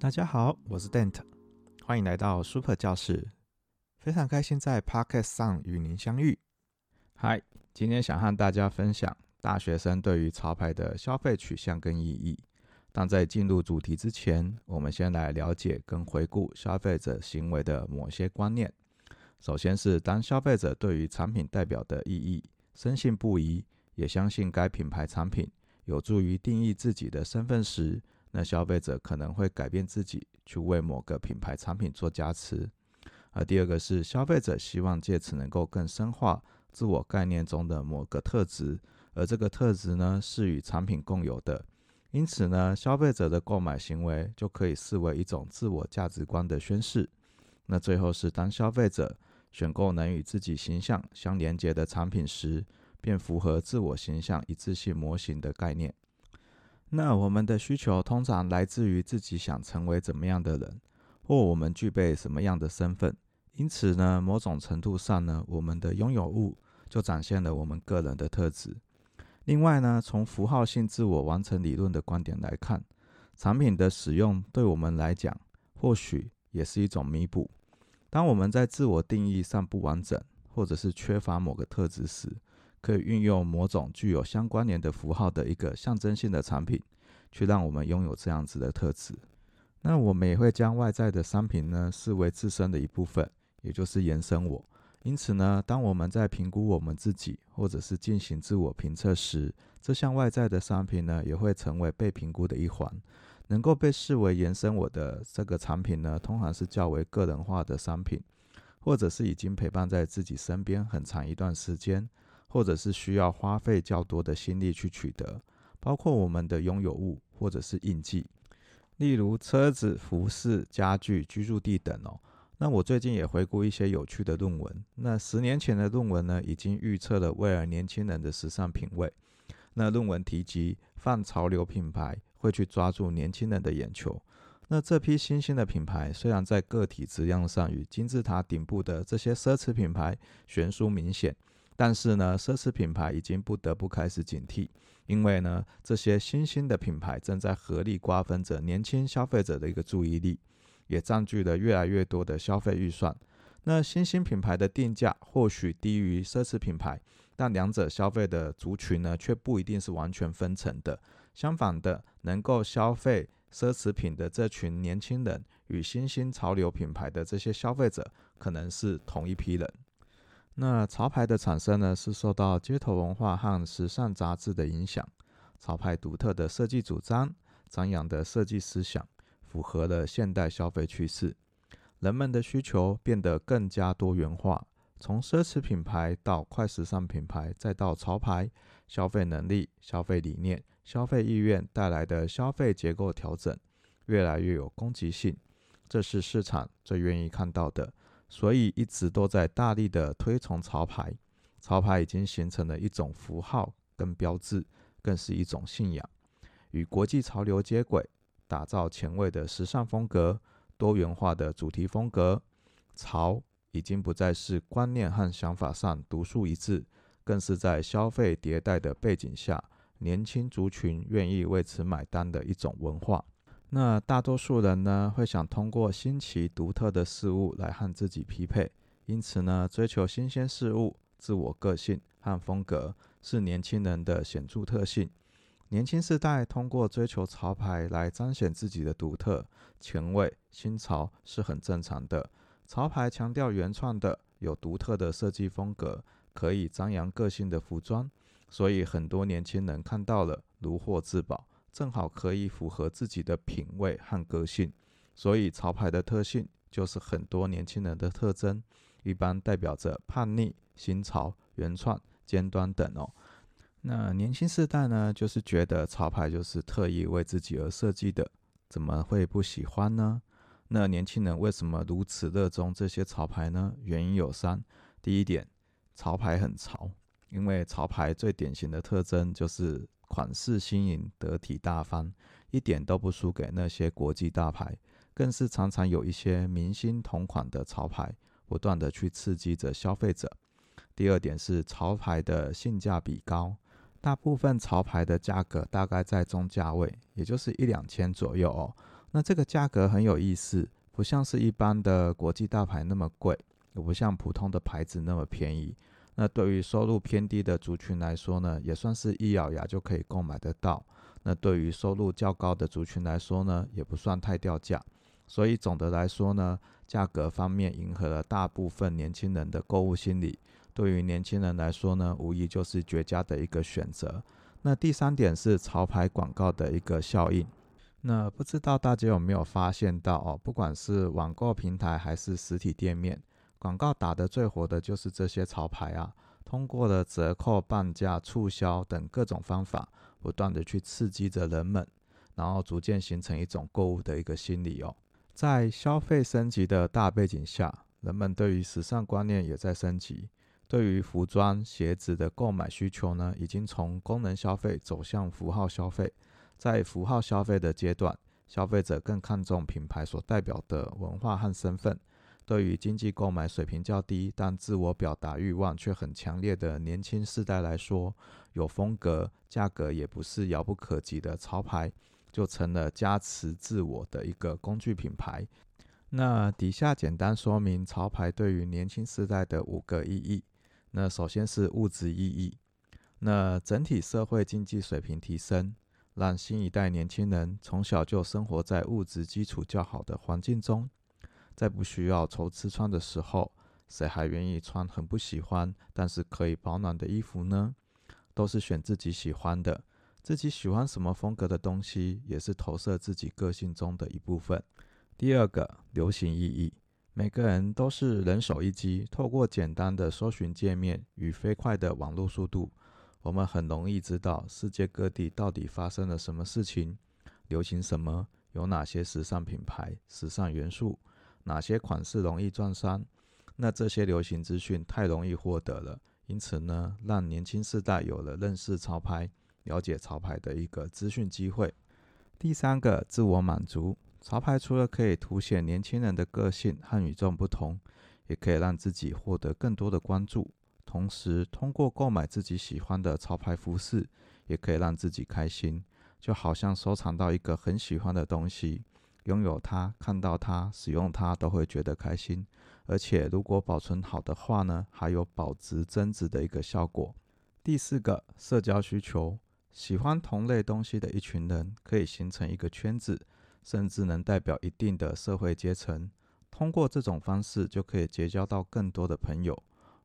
大家好，我是 Dante 歡迎來到 Super 教室。非常開心在 Podcast 上與您相遇。Hi，今天想和大家分享大學生對於潮牌的消費取向跟意義。但在進入主題之前，我們先來了解跟回顧消費者行為的某些觀念。首先是當消費者對於產品代表的意義深信不疑，也相信該品牌產品有助於定義自己的身份時。那消費者可能會改變自己，去為某個品牌產品做加持。而第二個是消費者希望借此能夠更深化自我概念中的某個特質，而這個特質呢，是與產品共有的。因此呢，消費者的購買行為就可以視為一種自我價值觀的宣示。那最後是當消費者選購能與自己形象相連接的產品時，便符合自我形象一致性模型的概念。那我們的需求通常來自於自己想成為怎麼樣的人，或我們具備什麼樣的身份。因此呢，某種程度上呢，我們的擁有物就展現了我們個人的特質。另外呢，從符號性自我完成理論的觀點來看，產品的使用對我們來講或許也是一種彌補。當我們在自我定義上不完整，或者是缺乏某個特質時，可以運用某種具有相關聯的符號的一個象徵性的產品，去讓我們擁有這樣子的特質。那我們也會將外在的商品呢視為自身的一部分，也就是延伸我。因此呢，當我們在評估我們自己，或者是進行自我評測時，這項外在的商品呢也會成為被評估的一環。能夠被視為延伸我的這個產品呢，通常是較為個人化的商品，或者是已經陪伴在自己身邊很長一段時間。或者是需要花費較多的心力去取得，包括我們的擁有物或者是印記，例如車子、服飾、家具、居住地等哦。那我最近也回顧一些有趣的論文。那十年前的論文呢，已經預測了未來年輕人的時尚品味。那論文提及，泛潮流品牌會去抓住年輕人的眼球。那這批新興的品牌，雖然在個體質量上與金字塔頂部的這些奢侈品牌懸殊明顯。但是呢，奢侈品牌已經不得不開始警惕，因為呢，這些新興的品牌正在合力瓜分着年輕消費者的一個注意力，也佔據了越來越多的消費預算。那新興品牌的定價或許低於奢侈品牌，但兩者消費的族群呢，卻不一定是完全分層的。相反的，能夠消費奢侈品的這群年輕人與新興潮流品牌的這些消費者，可能是同一批人。那潮牌的產生呢，是受到街頭文化和時尚雜誌的影響。潮牌獨特的設計主張、張揚的設計思想，符合了現代消費趨勢。人們的需求變得更加多元化，從奢侈品牌到快時尚品牌，再到潮牌，消費能力、消費理念、消費意願帶來的消費結構調整，越來越有攻擊性，這是市場最願意看到的。所以一直都在大力的推崇潮牌，潮牌已經形成了一種符號跟標誌，更是一種信仰，與國際潮流接軌，打造前衛的時尚風格，多元化的主題風格，潮已經不再是觀念和想法上獨樹一幟，更是在消費迭代的背景下，年輕族群願意為此買單的一種文化。那大多數人呢，會想通過新奇獨特的事物來和自己匹配，因此呢，追求新鮮事物、自我個性和風格是年輕人的顯著特性。年輕世代通過追求潮牌來彰顯自己的獨特、前衛、新潮是很正常的。潮牌強調原創的，有獨特的設計風格，可以張揚個性的服裝，所以很多年輕人看到了，如獲至寶。正好可以符合自己的品味和個性，所以潮牌的特性就是很多年輕人的特徵，一般代表着叛逆、新潮、原創、尖端等哦。那年輕世代呢，就是覺得潮牌就是特意為自己而設計的，怎麼會不喜歡呢？那年輕人為什麼如此熱衷這些潮牌呢？原因有三：第一點，潮牌很潮，因為潮牌最典型的特徵就是。款式新穎、得體大方，一點都不輸給那些國際大牌，更是常常有一些明星同款的潮牌，不斷地去刺激着消費者。第二點是潮牌的性價比高，大部分潮牌的價格大概在中價位，也就是一兩千左右哦。那這個價格很有意思，不像是一般的國際大牌那麼貴，也不像普通的牌子那麼便宜。那對於收入偏低的族群來說呢，也算是一咬牙就可以購買得到。那對於收入較高的族群來說呢，也不算太掉價。所以總的來說呢，價格方面迎合了大部分年輕人的購物心理。對於年輕人來說呢，無疑就是絕佳的一個選擇。那第三點是潮牌廣告的一個效應。那不知道大家有沒有發現到哦，不管是網購平台還是實體店面。廣告打得最火的就是這些潮牌啊，通過了折扣、半價、促銷等各種方法，不斷地去刺激着人們，然後逐漸形成一種購物的一個心理哦。在消費升級的大背景下，人們對於時尚觀念也在升級，對於服裝、鞋子的購買需求呢，已經從功能消費走向符號消費。在符號消費的階段，消費者更看重品牌所代表的文化和身份。對於經濟購買水平較低，但自我表達欲望卻很強烈的年輕世代來說，有風格、價格也不是遙不可及的潮牌，就成了加持自我的一個工具品牌。那底下簡單說明潮牌對於年輕世代的五個意義。那首先是物質意義，那整體社會經濟水平提升，讓新一代年輕人從小就生活在物質基礎較好的環境中。在不需要愁吃穿的時候，誰還願意穿很不喜歡，但是可以保暖的衣服呢？都是選自己喜歡的。自己喜歡什麼風格的東西，也是投射自己個性中的一部分。第二個，流行意義。每個人都是人手一機，透過簡單的搜尋界面與飛快的網絡速度，我們很容易知道世界各地到底發生了什麼事情，流行什麼，有哪些時尚品牌、時尚元素。哪些款式容易撞衫？那這些流行資訊太容易獲得了，因此呢，讓年輕世代有了認識潮牌、了解潮牌的一個資訊機會。第三個，自我滿足。潮牌除了可以凸顯年輕人的個性和與眾不同，也可以讓自己獲得更多的關注。同時，通過購買自己喜歡的潮牌服飾，也可以讓自己開心，就好像收藏到一個很喜歡的東西。擁有它、看到它、使用它都會覺得開心，而且如果保存好的話呢，還有保值增值的一個效果。第四個，社交需求，喜歡同類東西的一群人可以形成一個圈子，甚至能代表一定的社會階層。通過這種方式，就可以結交到更多的朋友，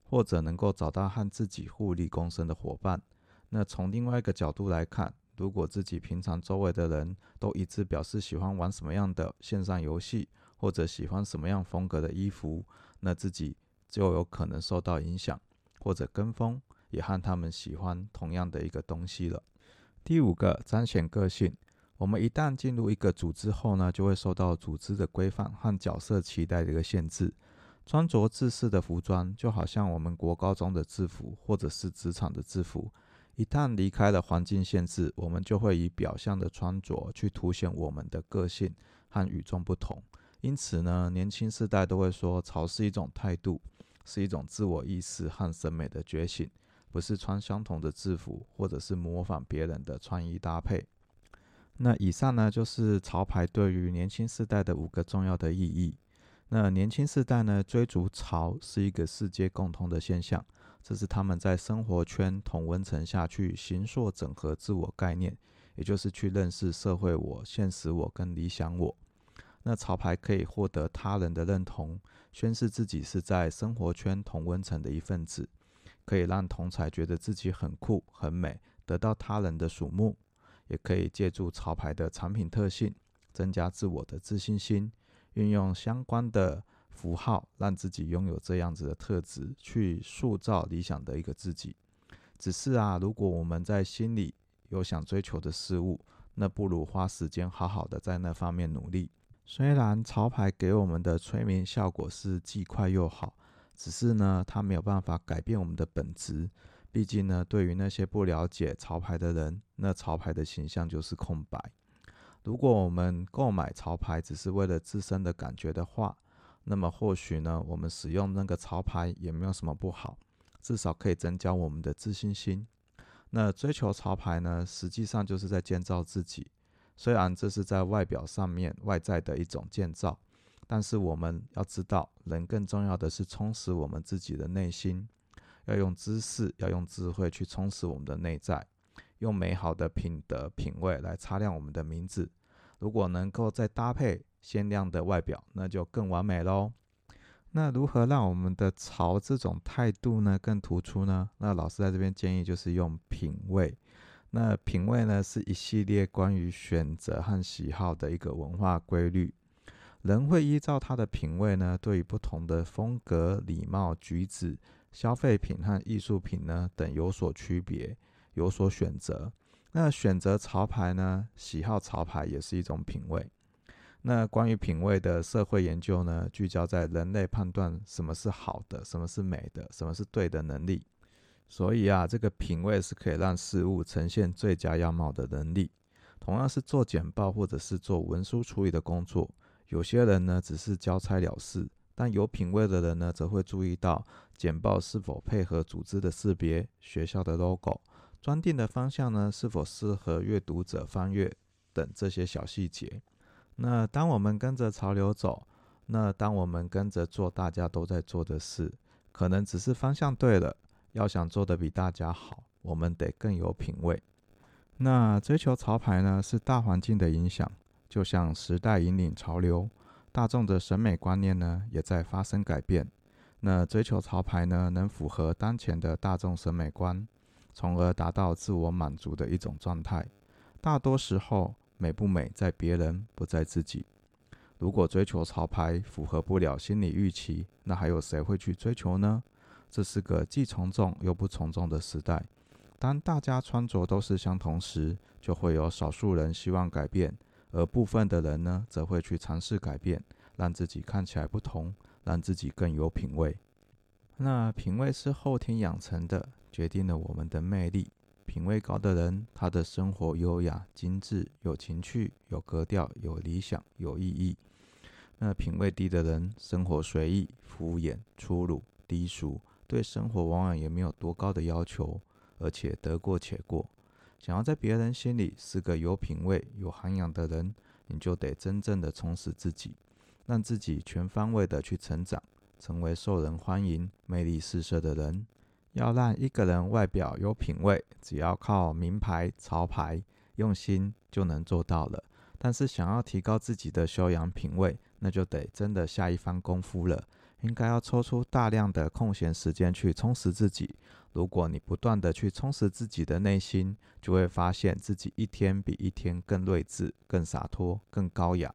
或者能夠找到和自己互利共生的夥伴。那從另外一個角度來看，如果自己平常周圍的人都一致表示喜歡玩什麼樣的線上遊戲，或者喜歡什麼樣風格的衣服，那自己就有可能受到影響，或者跟風，也和他們喜歡同樣的一個東西了。第五個，彰顯個性。我們一旦進入一個組織後呢，就會受到組織的規範和角色期待的一個限制。穿着制式的服裝，就好像我們國高中的制服，或者是職場的制服。一旦離開了環境限制，我們就會以表象的穿着去凸顯我們的個性和與眾不同。因此呢，年輕世代都會說，潮是一種態度，是一種自我意識和審美的覺醒，不是穿相同的制服，或者是模仿別人的穿衣搭配。那以上呢，就是潮牌對於年輕世代的五個重要的意義。那年輕世代呢，追逐潮是一個世界共同的現象。這是他們在生活圈同溫層下去形塑整合自我概念，也就是去認識社會我、現實我跟理想我。那潮牌可以獲得他人的認同，宣示自己是在生活圈同溫層的一份子，可以讓同儕覺得自己很酷、很美，得到他人的矚目，也可以借助潮牌的產品特性，增加自我的自信心，運用相關的。符號讓自己擁有這樣子的特質，去塑造理想的一個自己。只是啊，如果我們在心裡有想追求的事物，那不如花時間好好的在那方面努力。雖然潮牌給我們的催眠效果是既快又好，只是呢，它沒有辦法改變我們的本質。畢竟呢，對於那些不了解潮牌的人，那潮牌的形象就是空白。如果我們購買潮牌只是為了自身的感覺的話，那麼或許呢，我們使用那個潮牌也沒有什麼不好，至少可以增加我們的自信心。那追求潮牌呢，實際上就是在建造自己。雖然這是在外表上面外在的一種建造，但是我們要知道，人更重要的是充實我們自己的內心，要用知識，要用智慧去充實我們的內在，用美好的品德品味來擦亮我們的名字。如果能夠再搭配。鮮亮的外表，那就更完美嘍。那如何讓我們的潮這種態度呢，更突出呢？那老師在這邊建議就是用品味。那品味呢，是一系列關於選擇和喜好的一個文化規律。人會依照他的品味呢，對於不同的風格、禮貌、舉止、消費品和藝術品呢等有所區別，有所選擇。那選擇潮牌呢，喜好潮牌也是一種品味。那關於品味的社會研究呢，聚焦在人類判斷什麼是好的、什麼是美的、什麼是對的能力。所以啊，這個品味是可以讓事物呈現最佳樣貌的能力。同樣是做簡報或者是做文書處理的工作，有些人呢只是交差了事，但有品味的人呢，則會注意到簡報是否配合組織的識別、學校的 logo、裝訂的方向呢是否適合閱讀者翻閱等這些小細節。那當我們跟着潮流走，那當我們跟着做大家都在做的事，可能只是方向對了。要想做得比大家好，我們得更有品位。那追求潮牌呢，是大環境的影響，就像時代引領潮流，大眾的審美觀念呢也在發生改變。那追求潮牌呢，能符合當前的大眾審美觀，從而達到自我滿足的一種狀態。大多時候。美不美在別人，不在自己。如果追求潮牌符合不了心理預期，那還有誰會去追求呢？這是個既從眾又不從眾的時代。當大家穿着都是相同時，就會有少數人希望改變，而部分的人呢，則會去嘗試改變，讓自己看起來不同，讓自己更有品味。那品味是後天養成的，決定了我們的魅力。品味高的人，他的生活優雅、精緻、有情趣、有格調、有理想、有意義。那品味低的人，生活隨意、敷衍、粗魯、低俗，對生活往往也沒有多高的要求，而且得過且過。想要在別人心裡是個有品味、有涵養的人，你就得真正的充實自己，讓自己全方位的去成長，成為受人歡迎、魅力四射的人。要讓一個人外表有品味，只要靠名牌、潮牌，用心就能做到了。但是，想要提高自己的修養品味，那就得真的下一番功夫了。應該要抽出大量的空閒時間去充實自己。如果你不斷地去充實自己的內心，就會發現自己一天比一天更睿智、更灑脫、更高雅。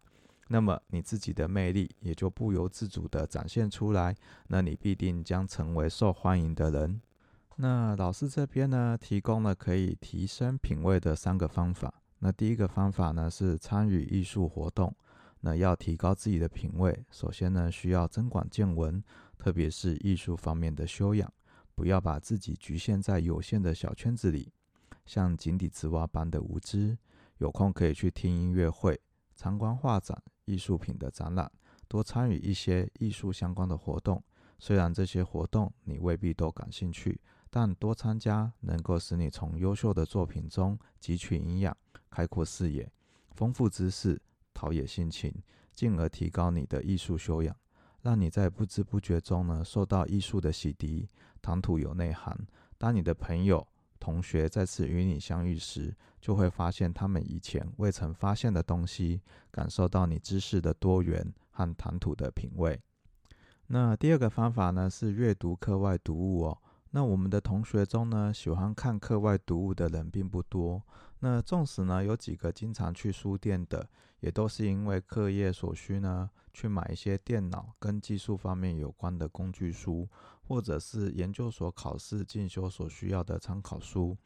那麼，你自己的魅力也就不由自主地展現出來，那你必定將成為受歡迎的人。那老師這邊呢，提供了可以提升品味的三個方法。那第一個方法呢，是參與藝術活動。那要提高自己的品味，首先呢，需要增廣見聞，特別是藝術方面的修養。不要把自己局限在有限的小圈子裡，像井底之蛙般的無知。有空可以去聽音樂會，參觀畫展、藝術品的展覽，多參與一些藝術相關的活動。雖然這些活動你未必都感興趣。但多參加，能夠使你從優秀的作品中汲取營養，開闊視野，豐富知識，陶冶心情，進而提高你的藝術修養，讓你在不知不覺中呢受到藝術的洗滌，談吐有內涵。當你的朋友、同學再次與你相遇時，就會發現他們以前未曾發現的東西，感受到你知識的多元和談吐的品味。那第二個方法呢，是閱讀課外讀物哦。那我們的同學中呢，喜歡看課外讀物的人並不多。那縱使呢，有幾個經常去書店的，也都是因為課業所需呢，去買一些電腦跟技術方面有關的工具書，或者是研究所考試進修所需要的參考書。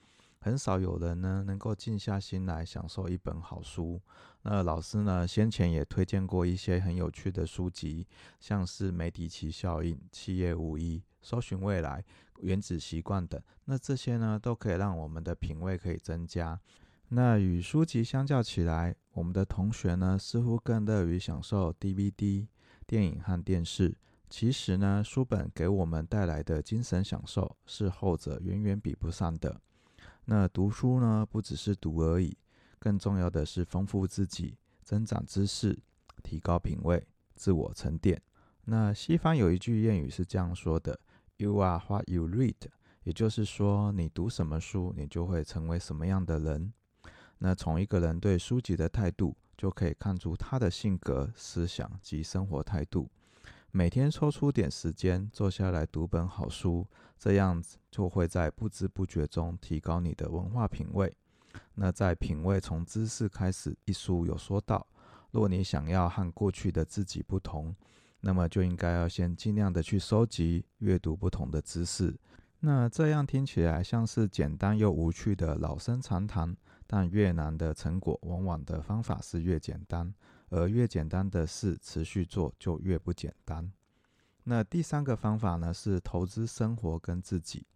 很少有人呢，能夠靜下心來享受一本好書。那老師呢，先前也推薦過一些很有趣的書籍，像是《梅迪奇效應》《企業巫醫》《搜尋未來》《原子習慣》等。那這些呢，都可以讓我們的品味可以增加。那與書籍相較起來，我們的同學呢，似乎更樂於享受 DVD、電影和電視。其實呢，書本給我們帶來的精神享受，是後者遠遠比不上的。那讀書呢，不只是讀而已。更重要的是，豐富自己，增長知識，提高品味，自我沉澱。那西方有一句諺語是這樣說的：“You are what you read.” 也就是說，你讀什麼書，你就會成為什麼樣的人。那從一個人對書籍的態度，就可以看出他的性格、思想及生活態度。每天抽出點時間，坐下來讀本好書，這樣子就會在不知不覺中提高你的文化品味。那在《品味從知識開始》一書有說到，若你想要和過去的自己不同，那麼就應該要先盡量的去收集、閱讀不同的知識。那這樣聽起來像是簡單又無趣的老生常談，但越難的成果，往往的方法是越簡單，而越簡單的事持續做就越不簡單。那第三個方法呢，是投資生活跟自己。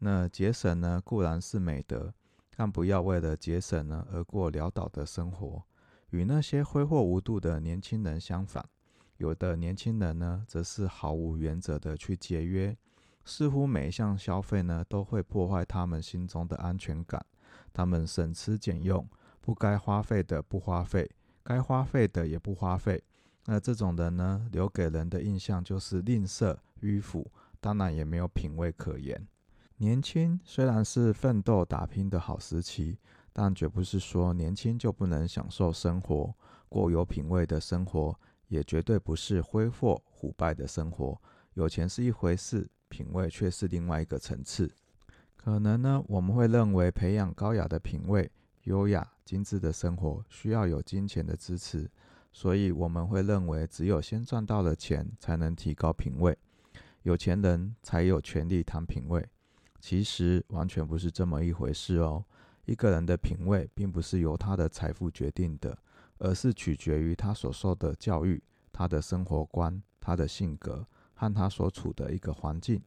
那節省呢，固然是美德。但不要為了節省呢，而過潦倒的生活。與那些揮霍無度的年輕人相反，有的年輕人呢，則是毫無原則的去節約，似乎每一項消費呢都會破壞他們心中的安全感。他們省吃儉用，不該花費的不花費，該花費的也不花費。那這種人呢，留給人的印象就是吝嗇、迂腐，當然也沒有品味可言。年輕雖然是奮鬥打拼的好時期，但絕不是說年輕就不能享受生活，過有品味的生活，也絕對不是揮霍腐敗的生活。有錢是一回事，品味卻是另外一個層次。可能呢，我們會認為培養高雅的品味、優雅、精緻的生活需要有金錢的支持，所以我們會認為只有先賺到了錢，才能提高品味，有錢人才有權利談品味。其實完全不是這麼一回事哦。一個人的品味並不是由他的財富決定的，而是取決於他所受的教育、他的生活觀、他的性格和他所處的一個環境。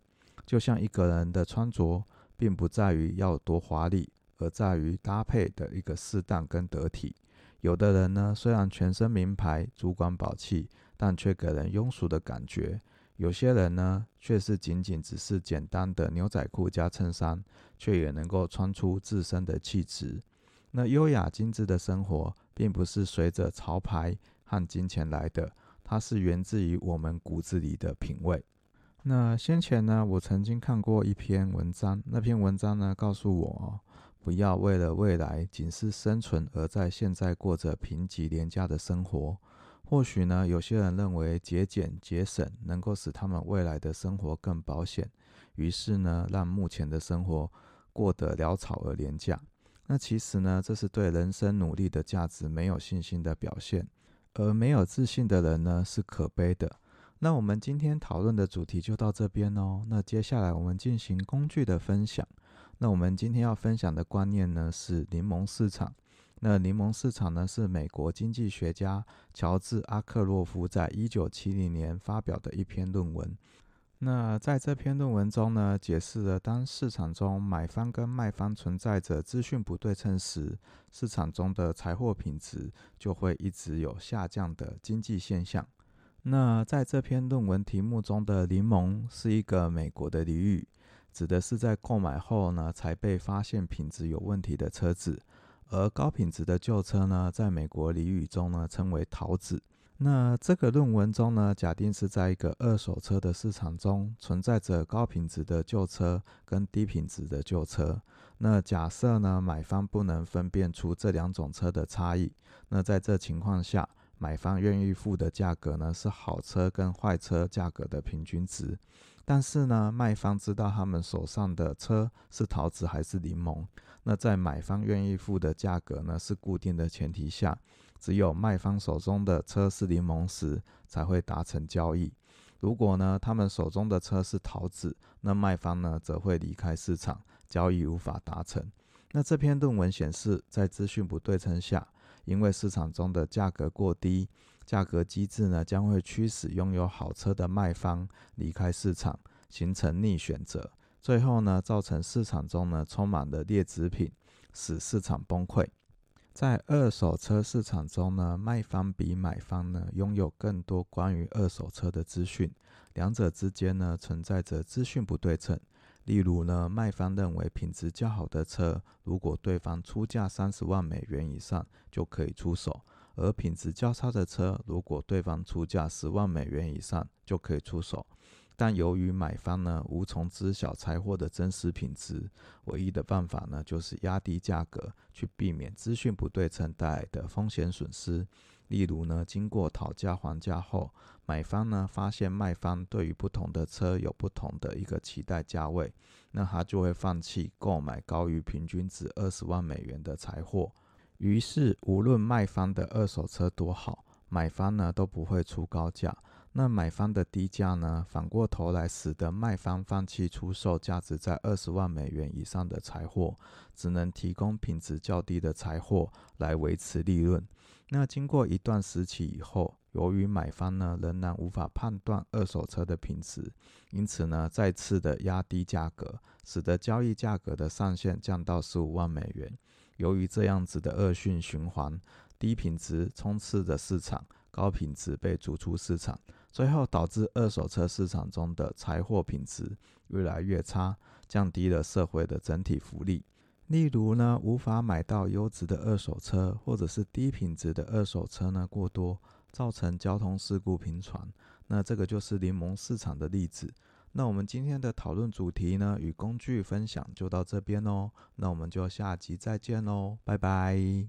就像一個人的穿着，並不在於要多華麗，而在於搭配的一個適當跟得體。有的人呢，雖然全身名牌、珠光寶氣，但卻給人庸俗的感覺。有些人呢，卻是僅僅只是簡單的牛仔褲加襯衫，卻也能夠穿出自身的氣質。那優雅精緻的生活，並不是隨着潮牌和金錢來的，它是源自於我們骨子裡的品味。那先前呢，我曾經看過一篇文章，那篇文章呢，告訴我不要為了未來僅是生存，而在現在過着貧瘠廉價的生活。或許呢，有些人認為節儉節省能夠使他們未來的生活更保險，於是呢，讓目前的生活過得潦草而廉價。那其實呢，這是對人生努力的價值沒有信心的表現，而沒有自信的人呢，是可悲的。那我們今天討論的主題就到這邊哦。那接下來我們進行工具的分享。那我們今天要分享的觀念呢，是檸檬市場。那檸檬市場呢，是美國經濟學家喬治·阿克洛夫在一九七零年發表的一篇論文。那在這篇論文中呢，解釋了當市場中買方跟賣方存在着資訊不對稱時，市場中的財貨品質就會一直有下降的經濟現象。那在這篇論文題目中的“檸檬”是一個美國的俚語，指的是在購買後呢，才被發現品質有問題的車子。而高品質的舊車呢，在美國俚語中呢稱為“桃子”。那這個論文中呢，假定是在一個二手車的市場中存在着高品質的舊車跟低品質的舊車。那假設呢，買方不能分辨出這兩種車的差異。那在這情況下，買方願意付的價格呢，是好車跟壞車價格的平均值。但是呢，賣方知道他們手上的車是桃子還是檸檬。那在買方願意付的價格呢，是固定的前提下，只有賣方手中的車是檸檬時才會達成交易。如果呢，他們手中的車是桃子，那賣方呢則會離開市場，交易無法達成。那這篇論文顯示，在資訊不對稱下，因為市場中的價格過低。價格機制呢，將會驅使擁有好車的賣方離開市場，形成逆選擇，最後呢，造成市場中呢充滿了劣質品，使市場崩潰。在二手車市場中呢，賣方比買方呢擁有更多關於二手車的資訊，兩者之間呢存在着資訊不對稱。例如呢，賣方認為品質較好的車，如果對方出價三十萬美元以上，就可以出手。而品質較差的車，如果對方出價十萬美元以上，就可以出手。但由於買方呢無從知曉財貨的真實品質，唯一的辦法呢就是壓低價格，去避免資訊不對稱帶來的風險損失。例如呢，經過討價還價後，買方呢發現賣方對於不同的車有不同的一個期待價位，那他就會放棄購買高於平均值二十萬美元的財貨。於是，無論賣方的二手車多好，買方呢都不會出高價。那買方的低價呢，反過頭來使得賣方放棄出售價值在二十萬美元以上的財貨，只能提供品質較低的財貨來維持利潤。那經過一段時期以後，由於買方呢仍然無法判斷二手車的品質，因此呢再次的壓低價格，使得交易價格的上限降到十五萬美元。由於這樣子的惡性循環，低品質充斥著市場，高品質被逐出市場，最後導致二手車市場中的財貨品質越來越差，降低了社會的整體福利。例如呢，無法買到優質的二手車，或者是低品質的二手車呢過多，造成交通事故頻傳。那這個就是檸檬市場的例子。那我們今天的討論主題呢，與工具分享就到這邊嘍、哦。那我們就下集再見嘍，拜拜。